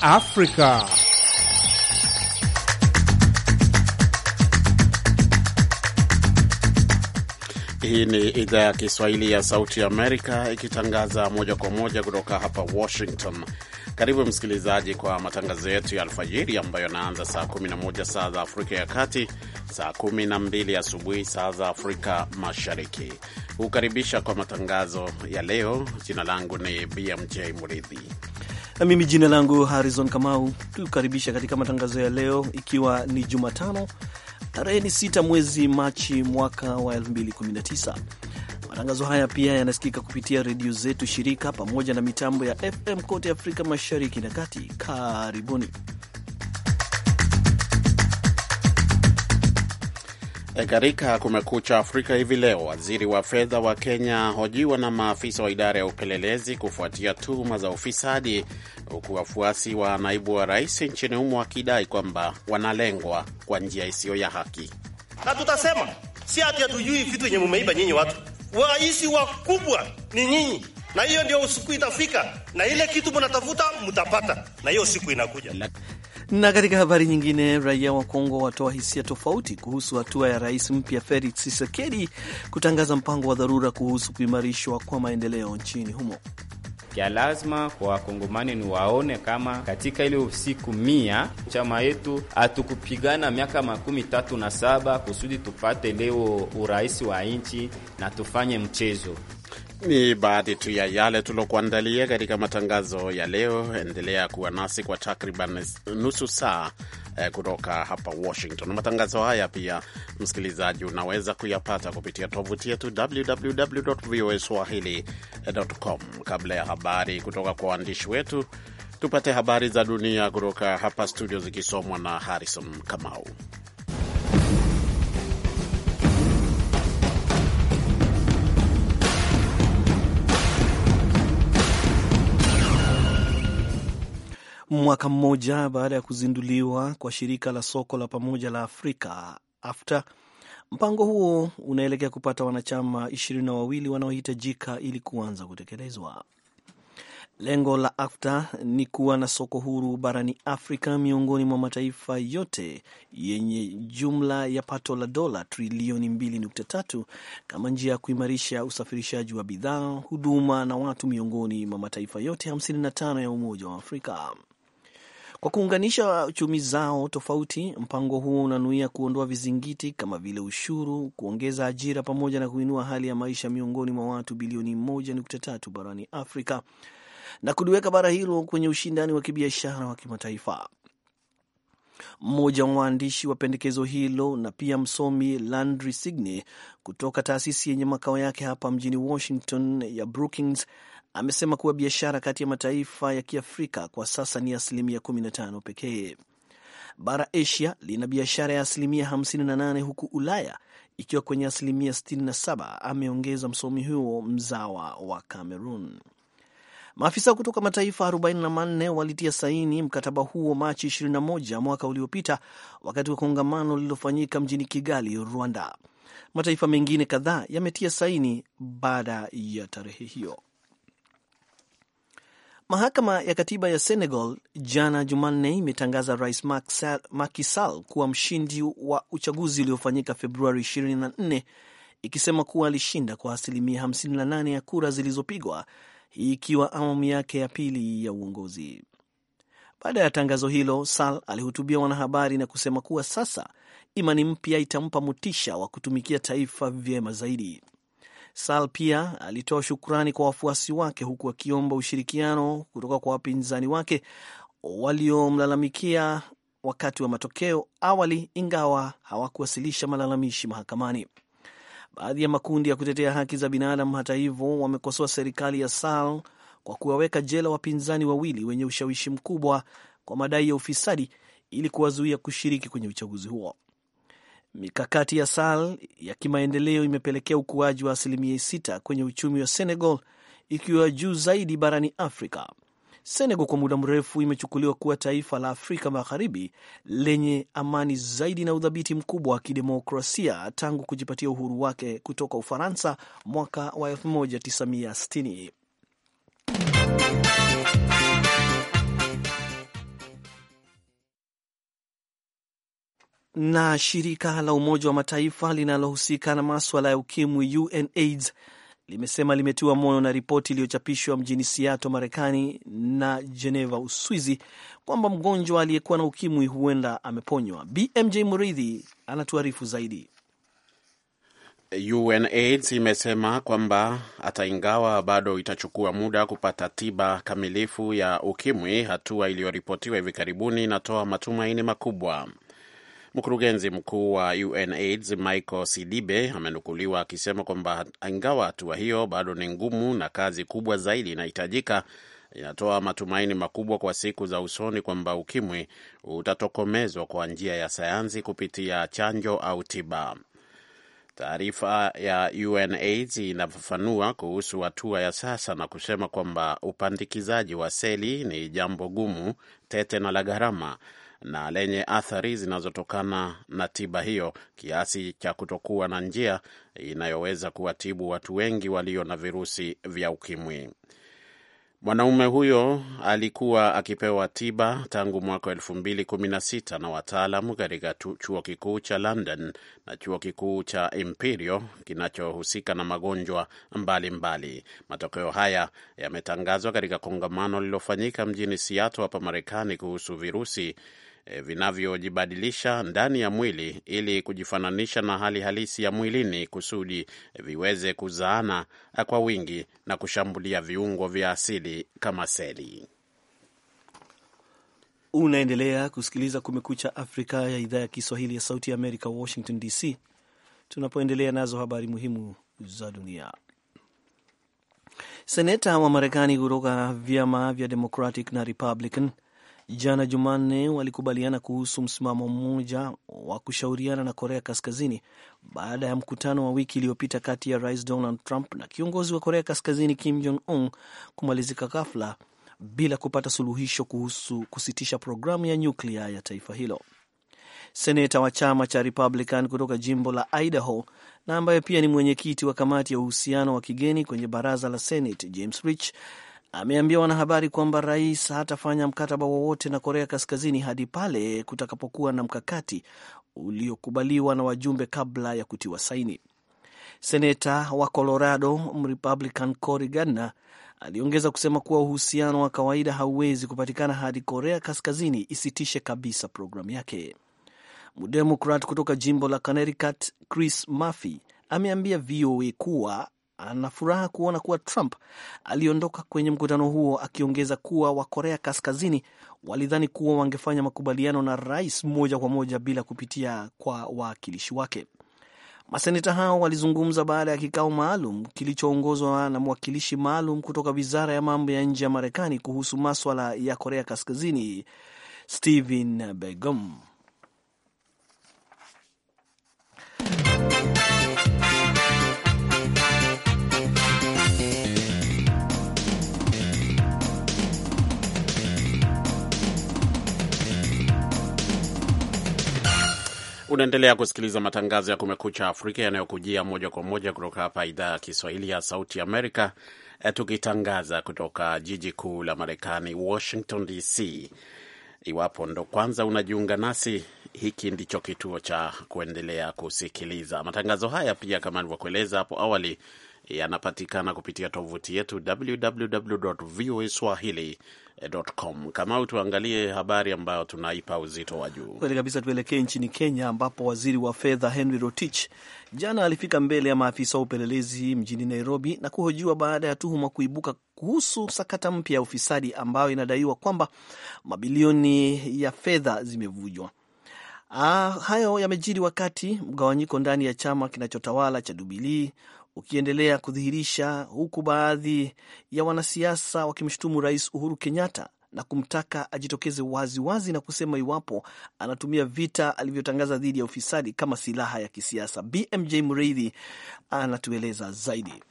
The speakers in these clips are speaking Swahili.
Afrika. Hii ni idhaa ya Kiswahili ya Sauti Amerika ikitangaza moja kwa moja kutoka hapa Washington. Karibu msikilizaji, kwa matangazo yetu ya alfajiri ambayo yanaanza saa 11 saa za Afrika ya Kati, saa 12 asubuhi saa za Afrika Mashariki. Hukaribisha kwa matangazo ya leo. Jina langu ni BMJ Muridhi na mimi jina langu Harrison Kamau, tukukaribisha katika matangazo ya leo, ikiwa ni Jumatano tarehe ni sita mwezi Machi mwaka wa 2019. Matangazo haya pia yanasikika kupitia redio zetu shirika pamoja na mitambo ya FM kote Afrika Mashariki na Kati. Karibuni. E, katika Kumekucha Afrika hivi leo, waziri wa fedha wa Kenya hojiwa na maafisa wa idara ya upelelezi kufuatia tuhuma za ufisadi, huku wafuasi wa naibu wa rais nchini humo wakidai kwamba wanalengwa kwa njia isiyo ya haki. Na tutasema si hati hatujui vitu venye mumeiba nyinyi, watu waisi wakubwa ni nyinyi na hiyo ndio usiku itafika, na ile kitu mnatafuta mtapata, na hiyo siku inakuja. Na katika habari nyingine, raia wa Kongo watoa hisia tofauti kuhusu hatua ya rais mpya Felix Tshisekedi kutangaza mpango wa dharura kuhusu kuimarishwa kwa maendeleo nchini humo. Ya lazima kwa wakongomani ni waone kama katika ile usiku mia chama yetu hatukupigana miaka makumi tatu na saba kusudi tupate leo urais wa nchi na tufanye mchezo ni baadhi tu ya yale tuliokuandalia katika matangazo ya leo. Endelea kuwa nasi kwa takriban nusu saa eh, kutoka hapa Washington. Matangazo haya pia, msikilizaji, unaweza kuyapata kupitia tovuti yetu www voa www.voaswahili.com. Kabla ya habari kutoka kwa waandishi wetu, tupate habari za dunia kutoka hapa studio, zikisomwa na Harrison Kamau. Mwaka mmoja baada ya kuzinduliwa kwa shirika la soko la pamoja la Afrika AfTA, mpango huo unaelekea kupata wanachama ishirini na wawili wanaohitajika ili kuanza kutekelezwa. Lengo la AfTA ni kuwa na soko huru barani Afrika, miongoni mwa mataifa yote yenye jumla ya pato la dola trilioni 2.3 kama njia ya kuimarisha usafirishaji wa bidhaa, huduma na watu miongoni mwa mataifa yote 55 ya Umoja wa Afrika. Kwa kuunganisha uchumi zao tofauti, mpango huo unanuia kuondoa vizingiti kama vile ushuru, kuongeza ajira pamoja na kuinua hali ya maisha miongoni mwa watu bilioni 1.3 barani Afrika na kuliweka bara hilo kwenye ushindani wa kibiashara wa kimataifa. Mmoja wa waandishi wa pendekezo hilo na pia msomi Landry Signe kutoka taasisi yenye makao yake hapa mjini Washington ya Brookings amesema kuwa biashara kati ya mataifa ya Kiafrika kwa sasa ni asilimia 15 pekee. Bara Asia lina biashara ya asilimia 58 huku Ulaya ikiwa kwenye asilimia 67, ameongeza msomi huo mzawa wa Cameroon. Maafisa kutoka mataifa 44 walitia saini mkataba huo Machi 21 mwaka uliopita wakati wa kongamano lililofanyika mjini Kigali, Rwanda. Mataifa mengine kadhaa yametia saini baada ya tarehe hiyo. Mahakama ya katiba ya Senegal jana Jumanne imetangaza rais Macky Sall kuwa mshindi wa uchaguzi uliofanyika Februari 24 ikisema kuwa alishinda kwa asilimia 58 ya kura zilizopigwa, hii ikiwa awamu yake ya pili ya uongozi. Baada ya tangazo hilo, Sall alihutubia wanahabari na kusema kuwa sasa imani mpya itampa mutisha wa kutumikia taifa vyema zaidi. Sal pia alitoa shukrani kwa wafuasi wake huku akiomba ushirikiano kutoka kwa wapinzani wake waliomlalamikia wakati wa matokeo awali, ingawa hawakuwasilisha malalamishi mahakamani. Baadhi ya makundi ya kutetea haki za binadamu, hata hivyo, wamekosoa serikali ya sal kwa kuwaweka jela wapinzani wawili wenye ushawishi mkubwa kwa madai ya ufisadi ili kuwazuia kushiriki kwenye uchaguzi huo. Mikakati ya SAL ya kimaendeleo imepelekea ukuaji wa asilimia sita kwenye uchumi wa Senegal, ikiwa juu zaidi barani Afrika. Senegal kwa muda mrefu imechukuliwa kuwa taifa la Afrika Magharibi lenye amani zaidi na udhabiti mkubwa wa kidemokrasia tangu kujipatia uhuru wake kutoka Ufaransa mwaka wa 1960. na shirika la Umoja wa Mataifa linalohusika na maswala ya ukimwi UNAIDS limesema limetiwa moyo na ripoti iliyochapishwa mjini Seattle, Marekani na Geneva, Uswizi, kwamba mgonjwa aliyekuwa na ukimwi huenda ameponywa. BMJ Muridhi anatuarifu zaidi. UNAIDS imesema kwamba hata ingawa bado itachukua muda kupata tiba kamilifu ya ukimwi, hatua iliyoripotiwa hivi karibuni inatoa matumaini makubwa. Mkurugenzi mkuu wa UNAIDS Michael Sidibe amenukuliwa akisema kwamba ingawa hatua hiyo bado ni ngumu na kazi kubwa zaidi inahitajika, inatoa matumaini makubwa kwa siku za usoni kwamba ukimwi utatokomezwa kwa njia ya sayansi kupitia chanjo au tiba. Taarifa ya UNAIDS inafafanua kuhusu hatua ya sasa na kusema kwamba upandikizaji wa seli ni jambo gumu, tete na la gharama na lenye athari zinazotokana na tiba hiyo kiasi cha kutokuwa na njia inayoweza kuwatibu watu wengi walio na virusi vya ukimwi. Mwanaume huyo alikuwa akipewa tiba tangu mwaka elfu mbili kumi na sita na wataalamu katika chuo kikuu cha London na chuo kikuu cha Imperial kinachohusika na magonjwa mbalimbali. Matokeo haya yametangazwa katika kongamano lililofanyika mjini Seattle hapa Marekani kuhusu virusi Eh, vinavyojibadilisha ndani ya mwili ili kujifananisha na hali halisi ya mwilini kusudi viweze kuzaana eh, kwa wingi na kushambulia viungo vya asili kama seli. Unaendelea kusikiliza Kumekucha Afrika ya idhaa ya Kiswahili ya Sauti ya Amerika, Washington DC, tunapoendelea nazo habari muhimu za dunia. Seneta wa Marekani kutoka vyama vya Democratic na Republican jana Jumanne walikubaliana kuhusu msimamo mmoja wa kushauriana na Korea Kaskazini baada ya mkutano wa wiki iliyopita kati ya Rais Donald Trump na kiongozi wa Korea Kaskazini Kim Jong Un kumalizika ghafla bila kupata suluhisho kuhusu kusitisha programu ya nyuklia ya taifa hilo. Seneta wa chama cha Republican kutoka jimbo la Idaho na ambaye pia ni mwenyekiti wa kamati ya uhusiano wa kigeni kwenye baraza la Senate James Rich ameambia wanahabari kwamba rais hatafanya mkataba wowote na Korea Kaskazini hadi pale kutakapokuwa na mkakati uliokubaliwa na wajumbe kabla ya kutiwa saini. Seneta wa Colorado Mrepublican Cory Gardner aliongeza kusema kuwa uhusiano wa kawaida hauwezi kupatikana hadi Korea Kaskazini isitishe kabisa programu yake. Mdemokrat kutoka jimbo la Connecticut Chris Murphy ameambia VOA kuwa ana furaha kuona kuwa Trump aliondoka kwenye mkutano huo, akiongeza kuwa Wakorea Kaskazini walidhani kuwa wangefanya makubaliano na rais moja kwa moja bila kupitia kwa wawakilishi wake. Maseneta hao walizungumza baada ya kikao maalum kilichoongozwa na mwakilishi maalum kutoka wizara ya mambo ya nje ya Marekani kuhusu maswala ya Korea Kaskazini, Stephen Begum. Unaendelea kusikiliza matangazo ya Kumekucha Afrika yanayokujia moja kwa moja kutoka hapa idhaa ya Kiswahili ya Sauti Amerika, eh, tukitangaza kutoka jiji kuu la Marekani, Washington DC. Iwapo ndo kwanza unajiunga nasi, hiki ndicho kituo cha kuendelea kusikiliza matangazo haya. Pia kama alivyokueleza hapo awali, yanapatikana kupitia tovuti yetu www voa swahili Eh, com. Kamau, tuangalie habari ambayo tunaipa uzito wa juu kweli kabisa, tuelekee nchini Kenya ambapo waziri wa fedha Henry Rotich jana alifika mbele ya maafisa wa upelelezi mjini Nairobi na kuhojiwa baada ya tuhuma kuibuka kuhusu sakata mpya ya ufisadi ambayo inadaiwa kwamba mabilioni ya fedha zimevujwa. Ah, hayo yamejiri wakati mgawanyiko ndani ya chama kinachotawala cha Jubilee ukiendelea kudhihirisha huku baadhi ya wanasiasa wakimshutumu Rais Uhuru Kenyatta na kumtaka ajitokeze waziwazi wazi na kusema iwapo anatumia vita alivyotangaza dhidi ya ufisadi kama silaha ya kisiasa. BMJ Mreithi anatueleza zaidi.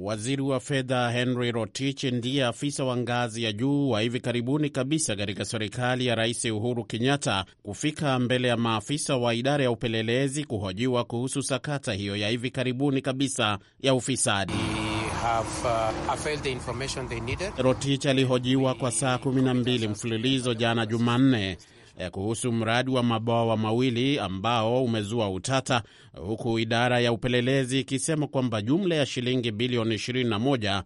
Waziri wa fedha Henry Rotich ndiye afisa wa ngazi ya juu wa hivi karibuni kabisa katika serikali ya Rais Uhuru Kenyatta kufika mbele ya maafisa wa idara ya upelelezi kuhojiwa kuhusu sakata hiyo ya hivi karibuni kabisa ya ufisadi. Uh, Rotich alihojiwa kwa saa 12 mfululizo jana Jumanne Eh, kuhusu mradi wa mabwawa mawili ambao umezua utata, huku idara ya upelelezi ikisema kwamba jumla ya shilingi bilioni 21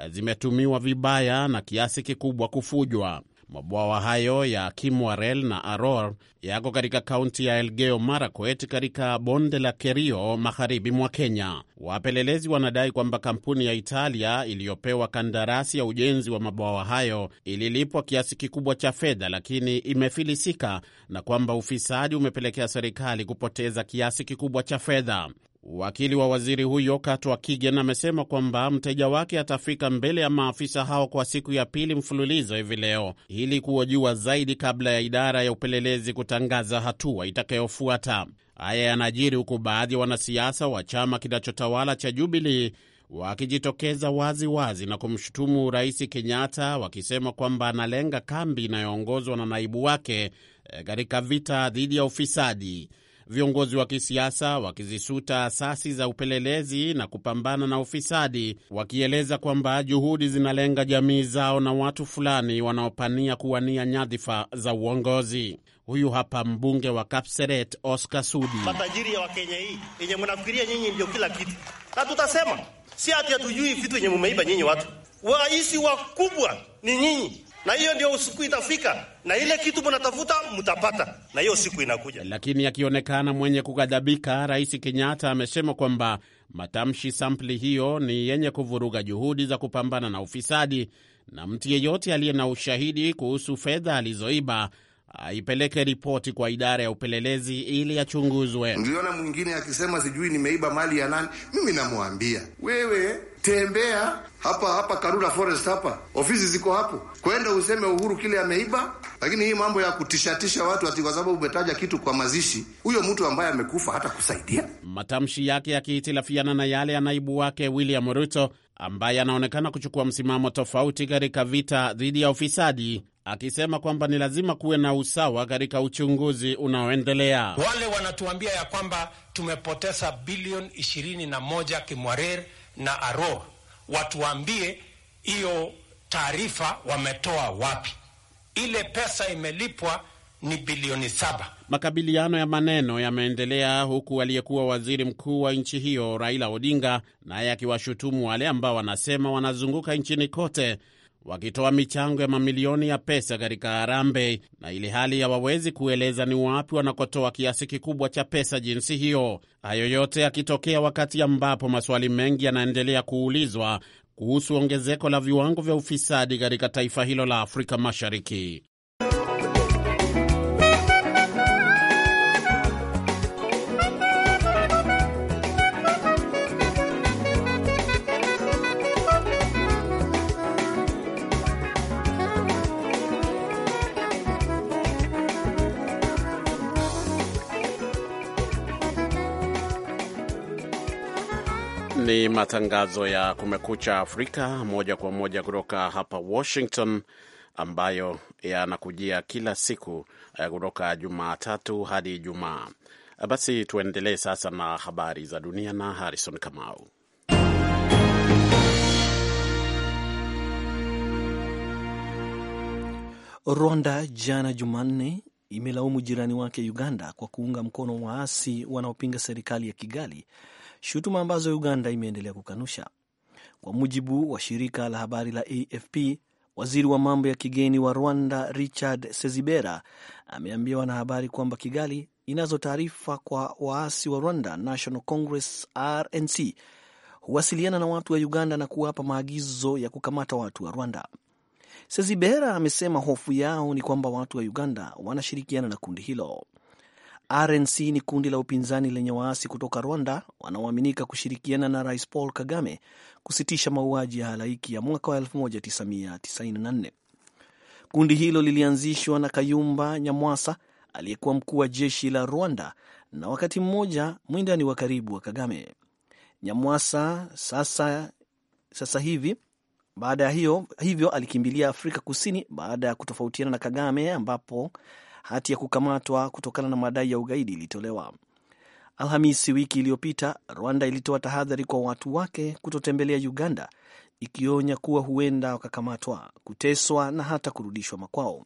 eh, zimetumiwa vibaya na kiasi kikubwa kufujwa. Mabwawa hayo ya Kimwarel na Aror yako katika kaunti ya Elgeyo Marakwet katika bonde la Kerio, magharibi mwa Kenya. Wapelelezi wanadai kwamba kampuni ya Italia iliyopewa kandarasi ya ujenzi wa mabwawa hayo ililipwa kiasi kikubwa cha fedha, lakini imefilisika na kwamba ufisadi umepelekea serikali kupoteza kiasi kikubwa cha fedha. Wakili wa waziri huyo Katwa Kigen amesema kwamba mteja wake atafika mbele ya maafisa hao kwa siku ya pili mfululizo hivi leo ili kuojua zaidi kabla ya idara ya upelelezi kutangaza hatua itakayofuata. Haya yanajiri huku baadhi ya wanasiasa wa chama kinachotawala cha jubili wakijitokeza wazi wazi na kumshutumu Rais Kenyatta wakisema kwamba analenga kambi inayoongozwa na naibu wake eh, katika vita dhidi ya ufisadi viongozi wa kisiasa wakizisuta asasi za upelelezi na kupambana na ufisadi, wakieleza kwamba juhudi zinalenga jamii zao na watu fulani wanaopania kuwania nyadhifa za uongozi. Huyu hapa mbunge wa Kapseret Oscar Sudi. Matajiri ya Wakenya hii yenye mnafikiria nyinyi ndio kila kitu, na tutasema si hati hatujui vitu yenye mumeiba nyinyi watu waisi wakubwa ni nyinyi na hiyo ndio usiku itafika, na ile kitu mnatafuta mtapata, na hiyo siku inakuja. Lakini akionekana mwenye kughadhabika, Rais Kenyatta amesema kwamba matamshi sampli hiyo ni yenye kuvuruga juhudi za kupambana na ufisadi, na mtu yeyote aliye na ushahidi kuhusu fedha alizoiba aipeleke ripoti kwa idara ya upelelezi ili yachunguzwe. Niliona mwingine akisema sijui nimeiba mali ya nani. Mimi namwambia wewe, tembea hapa hapa Karura Forest hapa, ofisi ziko hapo, kwenda useme Uhuru kile ameiba. Lakini hii mambo ya kutishatisha watu ati kwa sababu umetaja kitu kwa mazishi, huyo mtu ambaye amekufa hata kusaidia. Matamshi yake yakihitilafiana na yale ya naibu wake William Ruto ambaye anaonekana kuchukua msimamo tofauti katika vita dhidi ya ufisadi akisema kwamba ni lazima kuwe na usawa katika uchunguzi unaoendelea. Wale wanatuambia ya kwamba tumepoteza bilioni ishirini na moja Kimwarer na Aror, watuambie hiyo taarifa wametoa wapi? Ile pesa imelipwa ni bilioni saba. Makabiliano ya maneno yameendelea huku aliyekuwa waziri mkuu wa nchi hiyo Raila Odinga naye akiwashutumu wale ambao wanasema wanazunguka nchini kote wakitoa michango ya mamilioni ya pesa katika harambee, na ili hali hawawezi kueleza ni wapi wanakotoa kiasi kikubwa cha pesa jinsi hiyo. Hayo yote yakitokea wakati ambapo maswali mengi yanaendelea kuulizwa kuhusu ongezeko la viwango vya ufisadi katika taifa hilo la Afrika Mashariki. Ni matangazo ya Kumekucha Afrika moja kwa moja kutoka hapa Washington, ambayo yanakujia kila siku eh, kutoka Jumatatu hadi Ijumaa. Eh, basi tuendelee sasa na habari za dunia na Harrison Kamau. Rwanda jana Jumanne imelaumu jirani wake Uganda kwa kuunga mkono waasi wanaopinga serikali ya Kigali shutuma ambazo Uganda imeendelea kukanusha. Kwa mujibu wa shirika la habari la AFP, waziri wa mambo ya kigeni wa Rwanda Richard Sezibera ameambia wanahabari kwamba Kigali inazo taarifa kwa waasi wa Rwanda National Congress RNC huwasiliana na watu wa Uganda na kuwapa maagizo ya kukamata watu wa Rwanda. Sezibera amesema hofu yao ni kwamba watu wa Uganda wanashirikiana na kundi hilo. RNC ni kundi la upinzani lenye waasi kutoka Rwanda wanaoaminika kushirikiana na Rais Paul Kagame kusitisha mauaji ya halaiki ya mwaka wa 1994. Kundi hilo lilianzishwa na Kayumba Nyamwasa aliyekuwa mkuu wa jeshi la Rwanda na wakati mmoja mwindani wa karibu wa Kagame. Nyamwasa sasa, sasa hivi baada ya hiyo hivyo alikimbilia Afrika Kusini baada ya kutofautiana na Kagame ambapo hati ya kukamatwa kutokana na madai ya ugaidi ilitolewa Alhamisi wiki iliyopita. Rwanda ilitoa tahadhari kwa watu wake kutotembelea Uganda, ikionya kuwa huenda wakakamatwa, kuteswa na hata kurudishwa makwao.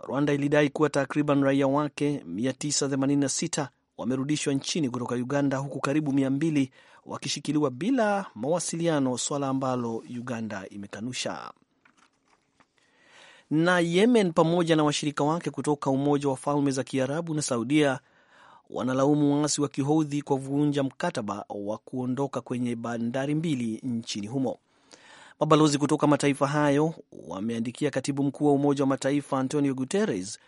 Rwanda ilidai kuwa takriban raia wake 986 wamerudishwa nchini kutoka Uganda, huku karibu 200 wakishikiliwa bila mawasiliano, swala ambalo Uganda imekanusha na Yemen pamoja na washirika wake kutoka Umoja wa Falme za Kiarabu na Saudia wanalaumu waasi wa Kihoudhi kwa vunja mkataba wa kuondoka kwenye bandari mbili nchini humo. Mabalozi kutoka mataifa hayo wameandikia katibu mkuu wa Umoja wa Mataifa Antonio Guterres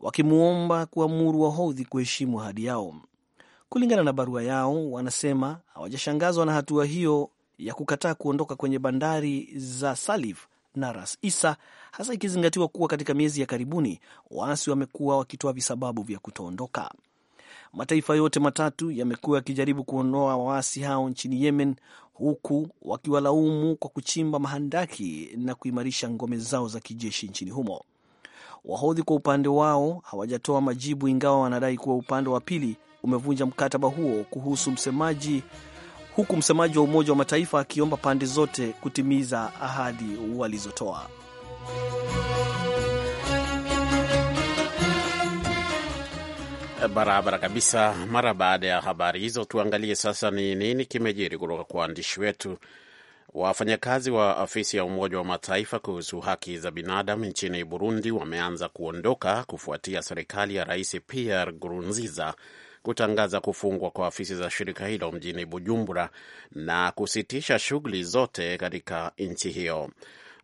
wakimwomba kuamuru Wahoudhi kuheshimu ahadi yao. Kulingana na barua yao, wanasema hawajashangazwa na hatua hiyo ya kukataa kuondoka kwenye bandari za Salif na Ras Isa, hasa ikizingatiwa kuwa katika miezi ya karibuni waasi wamekuwa wakitoa visababu vya kutoondoka. Mataifa yote matatu yamekuwa yakijaribu kuondoa waasi hao nchini Yemen, huku wakiwalaumu kwa kuchimba mahandaki na kuimarisha ngome zao za kijeshi nchini humo. Wahodhi kwa upande wao hawajatoa majibu, ingawa wanadai kuwa upande wa pili umevunja mkataba huo, kuhusu msemaji huku msemaji wa Umoja wa Mataifa akiomba pande zote kutimiza ahadi walizotoa. Barabara kabisa. Mara baada ya habari hizo, tuangalie sasa ni nini kimejiri kutoka kwa waandishi wetu. Wafanyakazi wa afisi ya Umoja wa Mataifa kuhusu haki za binadamu nchini Burundi wameanza kuondoka kufuatia serikali ya Rais Pierre Nkurunziza kutangaza kufungwa kwa afisi za shirika hilo mjini Bujumbura na kusitisha shughuli zote katika nchi hiyo.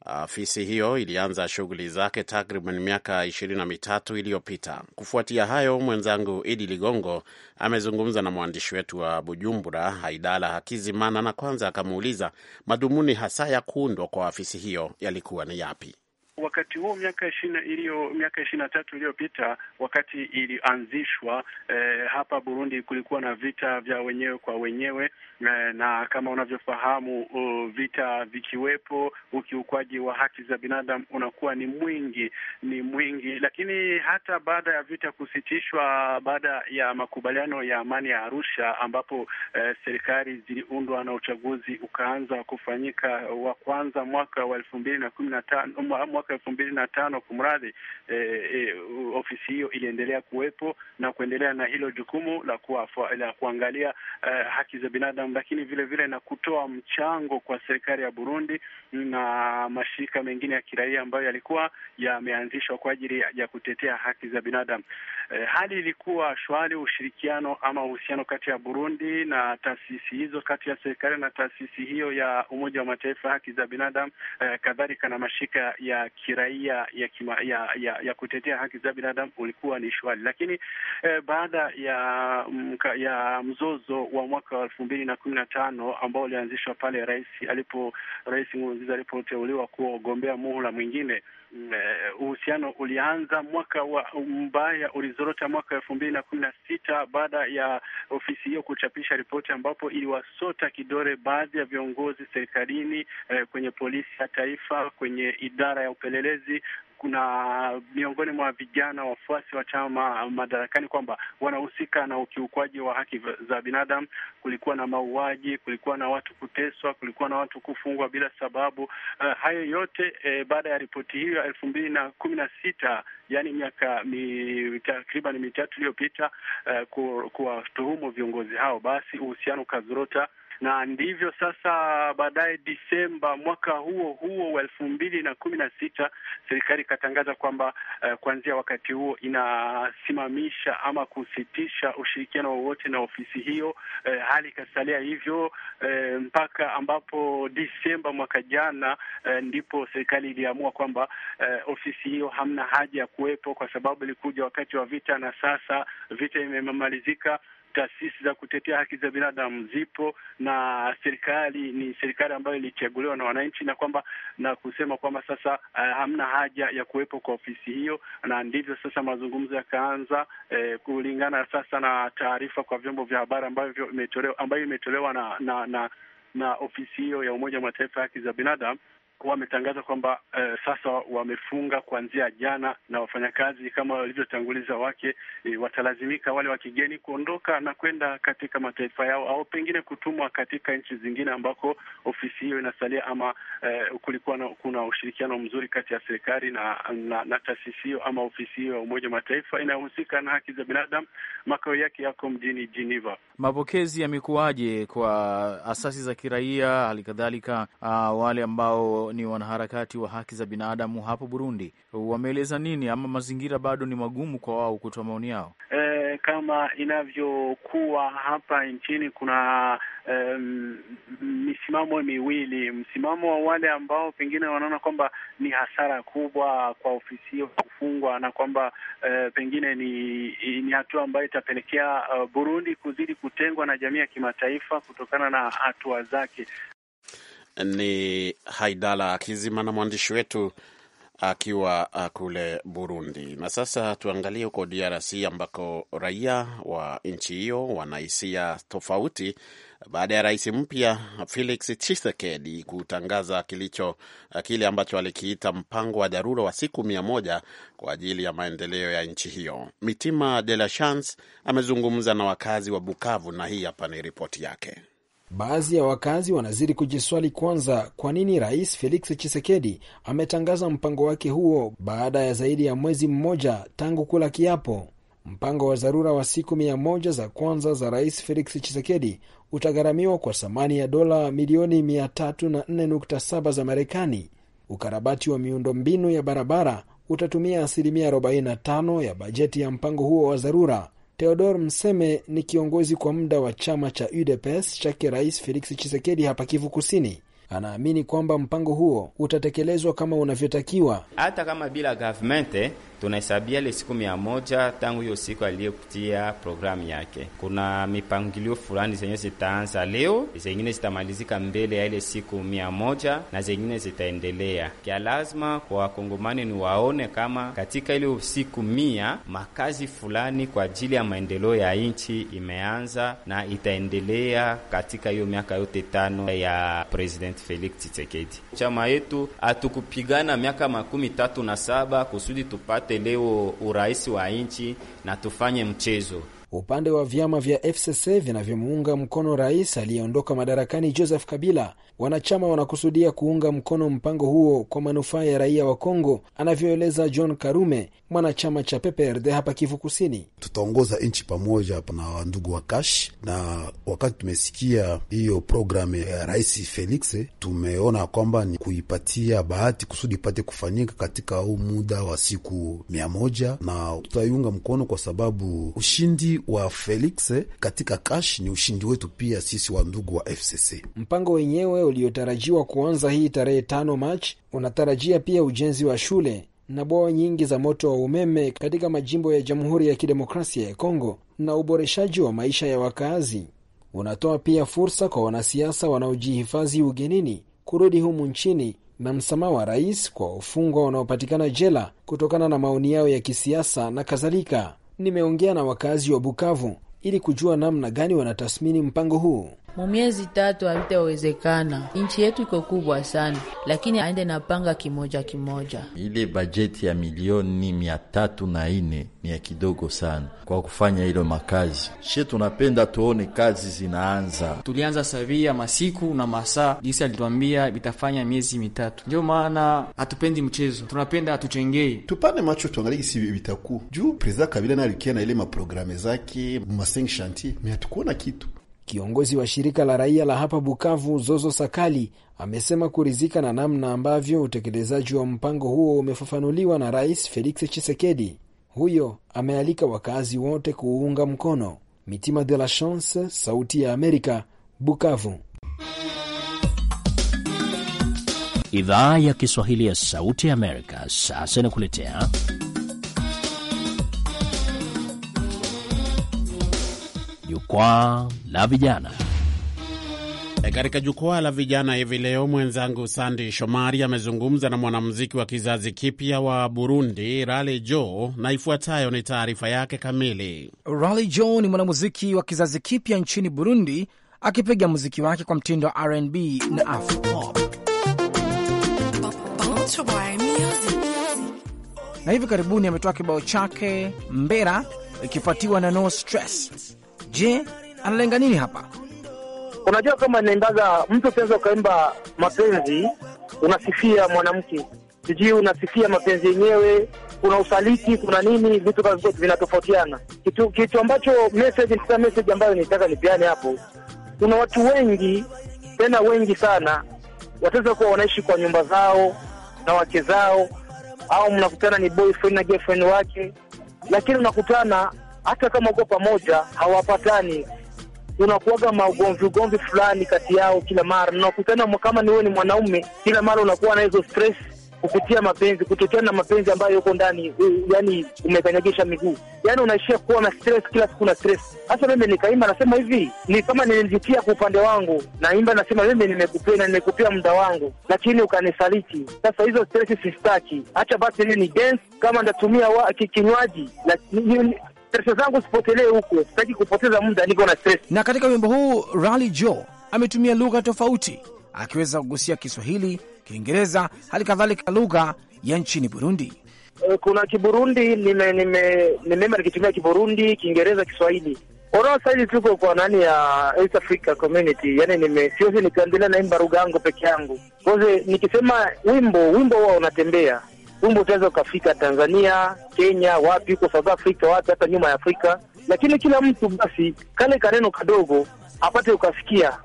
Afisi hiyo ilianza shughuli zake takriban miaka ishirini na mitatu iliyopita. Kufuatia hayo, mwenzangu Idi Ligongo amezungumza na mwandishi wetu wa Bujumbura, Haidala Hakizimana, na kwanza akamuuliza madhumuni hasa ya kuundwa kwa afisi hiyo yalikuwa ni yapi? Wakati huo miaka ishirini iliyo miaka ishirini na tatu iliyopita wakati ilianzishwa eh, hapa Burundi kulikuwa na vita vya wenyewe kwa wenyewe eh, na kama unavyofahamu uh, vita vikiwepo, ukiukwaji wa haki za binadamu unakuwa ni mwingi ni mwingi. Lakini hata baada ya vita kusitishwa, baada ya makubaliano ya amani ya Arusha ambapo eh, serikali ziliundwa na uchaguzi ukaanza kufanyika wa kwanza mwaka wa elfu mbili na kumi na tano mwaka elfu mbili na tano kumradhi, e, e, ofisi hiyo iliendelea kuwepo na kuendelea na hilo jukumu la, kuwa, la kuangalia e, haki za binadamu, lakini vile vile na kutoa mchango kwa serikali ya Burundi na mashirika mengine ya kiraia ambayo yalikuwa yameanzishwa kwa ajili ya kutetea haki za binadamu. E, hali ilikuwa shwari, ushirikiano ama uhusiano kati ya Burundi na taasisi hizo, kati ya serikali na taasisi hiyo ya Umoja wa Mataifa haki za binadamu e, kadhalika na mashirika ya kiraia ya, kima, ya, ya, ya kutetea haki za binadamu ulikuwa ni shwari, lakini eh, baada ya mka, mm, ya mzozo wa mwaka wa elfu mbili na kumi na tano ambao ulianzishwa pale rais alipo rais Nkurunziza alipoteuliwa kuwa ugombea muhula mwingine Eh, uhusiano ulianza mwaka wa mbaya ulizorota mwaka elfu mbili na kumi na sita baada ya ofisi hiyo kuchapisha ripoti ambapo iliwasota kidore baadhi ya viongozi serikalini, eh, kwenye polisi ya taifa, kwenye idara ya upelelezi kuna miongoni mwa vijana wafuasi wa chama madarakani kwamba wanahusika na ukiukwaji wa haki za binadamu. Kulikuwa na mauaji, kulikuwa na watu kuteswa, kulikuwa na watu kufungwa bila sababu. Uh, hayo yote eh, baada ya ripoti hiyo ya elfu mbili na kumi na sita yaani miaka mi, takriban mitatu iliyopita, uh, eh, kuwatuhumu viongozi hao, basi uhusiano ukazorota na ndivyo sasa, baadaye Disemba mwaka huo huo wa elfu mbili na kumi na sita serikali ikatangaza kwamba uh, kuanzia wakati huo inasimamisha ama kusitisha ushirikiano wowote na ofisi hiyo. Uh, hali ikasalia hivyo uh, mpaka ambapo Disemba mwaka jana uh, ndipo serikali iliamua kwamba uh, ofisi hiyo hamna haja ya kuwepo kwa sababu ilikuja wakati wa vita na sasa vita imemalizika taasisi za kutetea haki za binadamu zipo na serikali ni serikali ambayo ilichaguliwa na wananchi, na kwamba na kusema kwamba sasa uh, hamna haja ya kuwepo kwa ofisi hiyo, na ndivyo sasa mazungumzo yakaanza, eh, kulingana sasa na taarifa kwa vyombo vya habari ambayo imetolewa na na, na na ofisi hiyo ya Umoja wa Mataifa ya haki za binadamu wametangaza kwamba eh, sasa wamefunga kuanzia jana, na wafanyakazi kama walivyotanguliza wake eh, watalazimika wale wa kigeni kuondoka na kwenda katika mataifa yao au pengine kutumwa katika nchi zingine ambako ofisi hiyo inasalia ama eh, kulikuwa na, kuna ushirikiano mzuri kati ya serikali na, na, na taasisi hiyo ama ofisi hiyo ya Umoja Mataifa inayohusika na haki za binadamu. Makao yake yako mjini Geneva. Mapokezi yamekuwaje kwa asasi za kiraia, hali kadhalika uh, wale ambao ni wanaharakati wa haki za binadamu hapo Burundi wameeleza nini, ama mazingira bado ni magumu kwa wao kutoa maoni yao? E, kama inavyokuwa hapa nchini kuna Um, misimamo miwili. Msimamo wa wale ambao pengine wanaona kwamba ni hasara kubwa kwa ofisi hiyo kufungwa na kwamba uh, pengine ni, ni hatua ambayo itapelekea uh, Burundi kuzidi kutengwa na jamii ya kimataifa kutokana na hatua zake, ni Haidala Kizima na mwandishi wetu akiwa kule Burundi. Na sasa tuangalie huko DRC ambako raia wa nchi hiyo wanahisia tofauti baada ya rais mpya Felix Tshisekedi kutangaza kilicho kile ambacho alikiita mpango wa dharura wa siku mia moja kwa ajili ya maendeleo ya nchi hiyo. Mitima de la Chance amezungumza na wakazi wa Bukavu na hii hapa ni ripoti yake. Baadhi ya wakazi wanazidi kujiswali kwanza, kwa nini Rais Felix Tshisekedi ametangaza mpango wake huo baada ya zaidi ya mwezi mmoja tangu kula kiapo. Mpango wa dharura wa siku mia moja za kwanza za Rais Felix Tshisekedi utagharamiwa kwa thamani ya dola milioni 304.7 za Marekani. Ukarabati wa miundombinu ya barabara utatumia asilimia 45 ya bajeti ya mpango huo wa dharura. Theodore Mseme ni kiongozi kwa muda wa chama cha UDPS chake Rais Felix chisekedi hapa Kivu Kusini. Anaamini kwamba mpango huo utatekelezwa kama unavyotakiwa. Hata kama bila gavmente, tunahesabia ile siku mia moja tangu hiyo siku aliyekutia programu yake. Kuna mipangilio fulani zenye zitaanza leo, zengine zitamalizika mbele ya ile siku mia moja na zengine zitaendelea. kia. lazima kwa wakongomani ni waone kama katika ile siku mia makazi fulani kwa ajili ya maendeleo ya nchi imeanza na itaendelea katika hiyo miaka yote tano ya president President Felix Tshisekedi. Chama yetu hatukupigana miaka makumi tatu na saba kusudi tupate leo urais wa nchi na tufanye mchezo upande wa vyama vya FCC vinavyomuunga mkono rais aliyeondoka madarakani Joseph Kabila, wanachama wanakusudia kuunga mkono mpango huo kwa manufaa ya raia wa Kongo, anavyoeleza John Karume, mwanachama cha PPRD hapa Kivu Kusini. Tutaongoza nchi pamoja na wandugu wa Kash, na wakati tumesikia hiyo programu ya rais Felix tumeona kwamba ni kuipatia bahati kusudi ipate kufanyika katika huu muda wa siku mia moja, na tutaiunga mkono kwa sababu ushindi wa Felix katika Kash ni ushindi wetu pia sisi wa ndugu wa FCC. Mpango wenyewe uliotarajiwa kuanza hii tarehe tano Machi unatarajia pia ujenzi wa shule na bwawa nyingi za moto wa umeme katika majimbo ya Jamhuri ya Kidemokrasia ya Kongo na uboreshaji wa maisha ya wakaazi. Unatoa pia fursa kwa wanasiasa wanaojihifadhi ugenini kurudi humu nchini na msamaha wa rais kwa wafungwa wanaopatikana jela kutokana na maoni yao ya kisiasa na kadhalika. Nimeongea na wakazi wa Bukavu ili kujua namna gani wanatathmini mpango huu mu miezi tatu havitawezekana. Nchi yetu iko kubwa sana, lakini aende napanga kimoja kimoja. Ile bajeti ya milioni mia tatu na ine ni ya kidogo sana kwa kufanya ilo makazi she. Tunapenda tuone kazi zinaanza. Tulianza savia masiku na masaa gisi alituambia vitafanya miezi mitatu, ndio maana hatupendi mchezo, tunapenda atuchengei, tupane macho tuangalie isi vitakuu juu. Prezida Kabila nalikia na ile maprograme zake mumasengi shanti, mehatukuona kitu Kiongozi wa shirika la raia la hapa Bukavu, Zozo Sakali, amesema kuridhika na namna ambavyo utekelezaji wa mpango huo umefafanuliwa na Rais Felix Tshisekedi. Huyo amealika wakazi wote kuunga mkono. Mitima de la Chance, Sauti ya Amerika, Bukavu. Idhaa ya Kiswahili ya Sauti ya Amerika sasa inakuletea Jukwaa la Vijana. E, katika jukwaa la vijana hivi leo mwenzangu Sandi Shomari amezungumza na mwanamuziki wa kizazi kipya wa Burundi Rally Jo, na ifuatayo ni taarifa yake kamili. Rally Jo ni mwanamuziki wa kizazi kipya nchini Burundi, akipiga muziki wake kwa mtindo wa RnB na afropop. Na hivi karibuni ametoa kibao chake Mbera, ikifuatiwa na No Stress Je, analenga nini hapa? Unajua, kama naimbaga mtu unaweza ukaimba mapenzi, unasifia mwanamke, sijui unasifia mapenzi yenyewe, kuna usaliti, kuna nini, vitu vinatofautiana. Kitu kitu ambacho message na message ambayo nitaka nipeane hapo, kuna watu wengi tena wengi sana wataweza kuwa wanaishi kwa nyumba zao na wake zao, au mnakutana ni boyfriend na girlfriend wake, lakini unakutana hata kama uko pamoja hawapatani, unakuwaga magomvi ugomvi fulani kati yao kila mara, unakutana kama ni wewe ni mwanaume, kila mara unakuwa na hizo stress kupitia mapenzi, kutokana na mapenzi ambayo yuko ndani, yani umekanyagisha miguu, yani unaishia kuwa na stress kila siku na stress. Hasa mimi nikaimba nasema hivi, ni kama nilijitia kwa upande wangu, naimba nasema mimi nimekupenda, nimekupia muda wangu, lakini ukanisaliti. Sasa hizo stress sistaki, acha basi ni dance, kama ndatumia kinywaji stress zangu zipotelee huko, sitaki kupoteza muda, niko na stress. Na katika wimbo huu Rally Joe ametumia lugha tofauti, akiweza kugusia Kiswahili, Kiingereza, hali kadhalika lugha ya nchini Burundi. Eh, kuna Kiburundi nime nimeimba nikitumia Kiburundi, Kiingereza, Kiswahili. Oraa sahizi tuko kwa nani ya East Africa Community, yani nime siwezi nikaendelea naimba lugha yangu peke yangu, koze nikisema wimbo wimbo huwa unatembea umbo utaweza ukafika Tanzania, Kenya, wapi huko South Africa, wapi hata nyuma ya Afrika, lakini kila mtu basi kale kaneno kadogo apate ukasikia,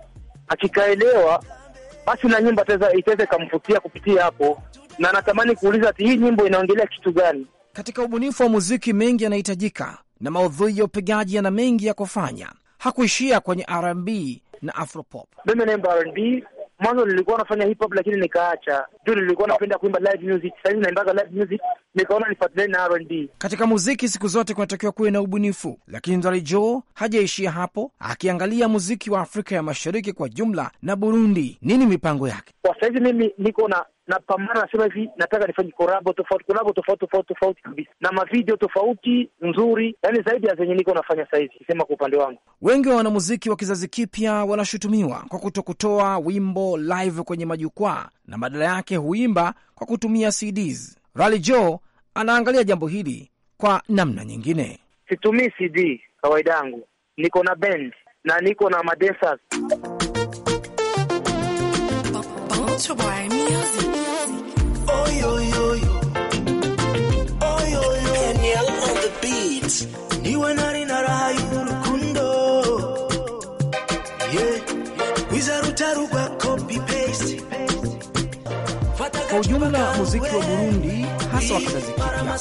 akikaelewa basi na nyimbo itaweza ikamvutia kupitia hapo, na natamani kuuliza ati hii nyimbo inaongelea kitu gani? Katika ubunifu wa muziki mengi yanahitajika, na maudhui ya upigaji yana mengi ya kufanya. Hakuishia kwenye R&B na Afropop. Mimi naimba R&B, mwanzo nilikuwa nafanya hip hop, lakini nikaacha shule nilikuwa napenda kuimba live music, sasa hivi naimbaga live music, nikaona nifuatilie na R&B. Katika muziki siku zote kunatakiwa kuwe na ubunifu, lakini Ndali Joe hajaishia hapo, akiangalia muziki wa Afrika ya Mashariki kwa jumla na Burundi. Nini mipango yake kwa sasa hivi? Mimi niko na napambana, nasema hivi, nataka nifanye korabo tofauti, korabo tofauti tofauti tofauti kabisa, na mavideo tofauti nzuri, yani zaidi ya zenye niko nafanya sasa hivi. Sema kwa upande wangu, wengi wa wanamuziki wa kizazi kipya wanashutumiwa kwa kutokutoa wimbo live kwenye majukwaa na badala yake huimba kwa kutumia CDs. Rally Joe anaangalia jambo hili kwa namna nyingine. Situmii CD kawaida yangu, niko na band na niko na madensa Kwa ujumla muziki wa Burundi, hasa wa kizazi kipya,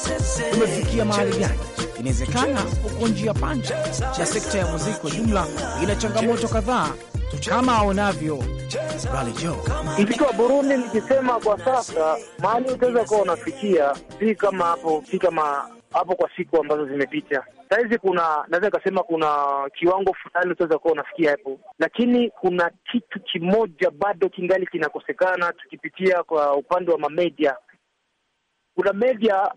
umefikia mahali gani? Inawezekana uko njia panja cha sekta ya muziki kwa jumla ina changamoto kadhaa kama aonavyo ikiwa Burundi nikisema kwa sasa mahali utaweza kuwa unafikia, si kama hapo, si kama hapo kwa siku ambazo zimepita sahizi kuna naweza nikasema kuna kiwango fulani tunaweza kuwa unafikia hapo, lakini kuna kitu kimoja bado kingali kinakosekana. Tukipitia kwa upande wa mamedia, kuna media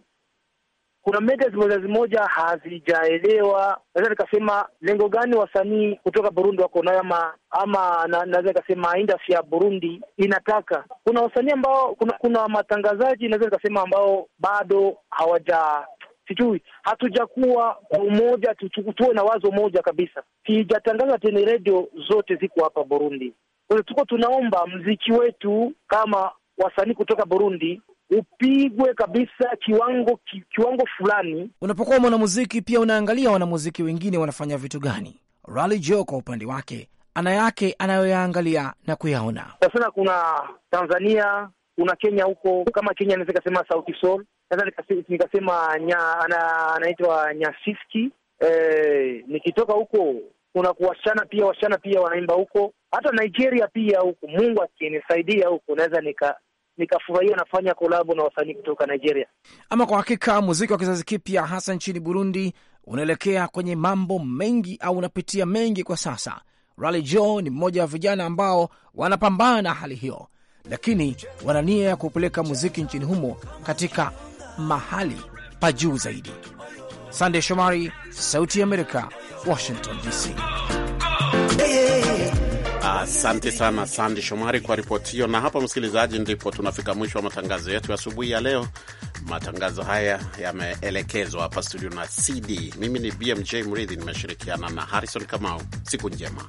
kuna media zimoja zimoja hazijaelewa, naweza nikasema lengo gani wasanii kutoka Burundi wako nayo, ama ama naweza nikasema industry ya Burundi inataka. Kuna wasanii ambao kuna, kuna matangazaji naweza nikasema ambao bado hawaja sijui hatujakuwa kwa umoja, tuwe na wazo moja kabisa. Sijatangaza tena, redio zote ziko hapa Burundi. Tuko tunaomba mziki wetu kama wasanii kutoka Burundi upigwe kabisa kiwango ki, kiwango fulani. Unapokuwa mwanamuziki pia unaangalia wanamuziki wengine wanafanya vitu gani. Rally Jo kwa upande wake ana yake anayoyaangalia na kuyaona sana. Kuna Tanzania, kuna Kenya, huko kama Kenya naweza ikasema Sauti Sol sasa nikasema nya, ana, anaitwa Nyasiski. E, eh, nikitoka huko kuna kuwashana pia, washana pia wanaimba huko, hata Nigeria pia huku, Mungu akinisaidia huko naweza nika nikafurahia nafanya kolabo na wasanii kutoka Nigeria. Ama kwa hakika muziki wa kizazi kipya hasa nchini Burundi unaelekea kwenye mambo mengi au unapitia mengi kwa sasa. Rally Joe ni mmoja wa vijana ambao wanapambana na hali hiyo, lakini wana nia ya kupeleka muziki nchini humo katika mahali pa juu zaidi. Sande Shomari, Sauti ya Amerika, Washington DC. Asante sana sande Shomari kwa ripoti hiyo. Na hapa, msikilizaji, ndipo tunafika mwisho wa matangazo yetu asubuhi ya leo. Matangazo haya yameelekezwa hapa studio na CD. Mimi ni BMJ Mridhi, nimeshirikiana na Harrison Kamau. Siku njema.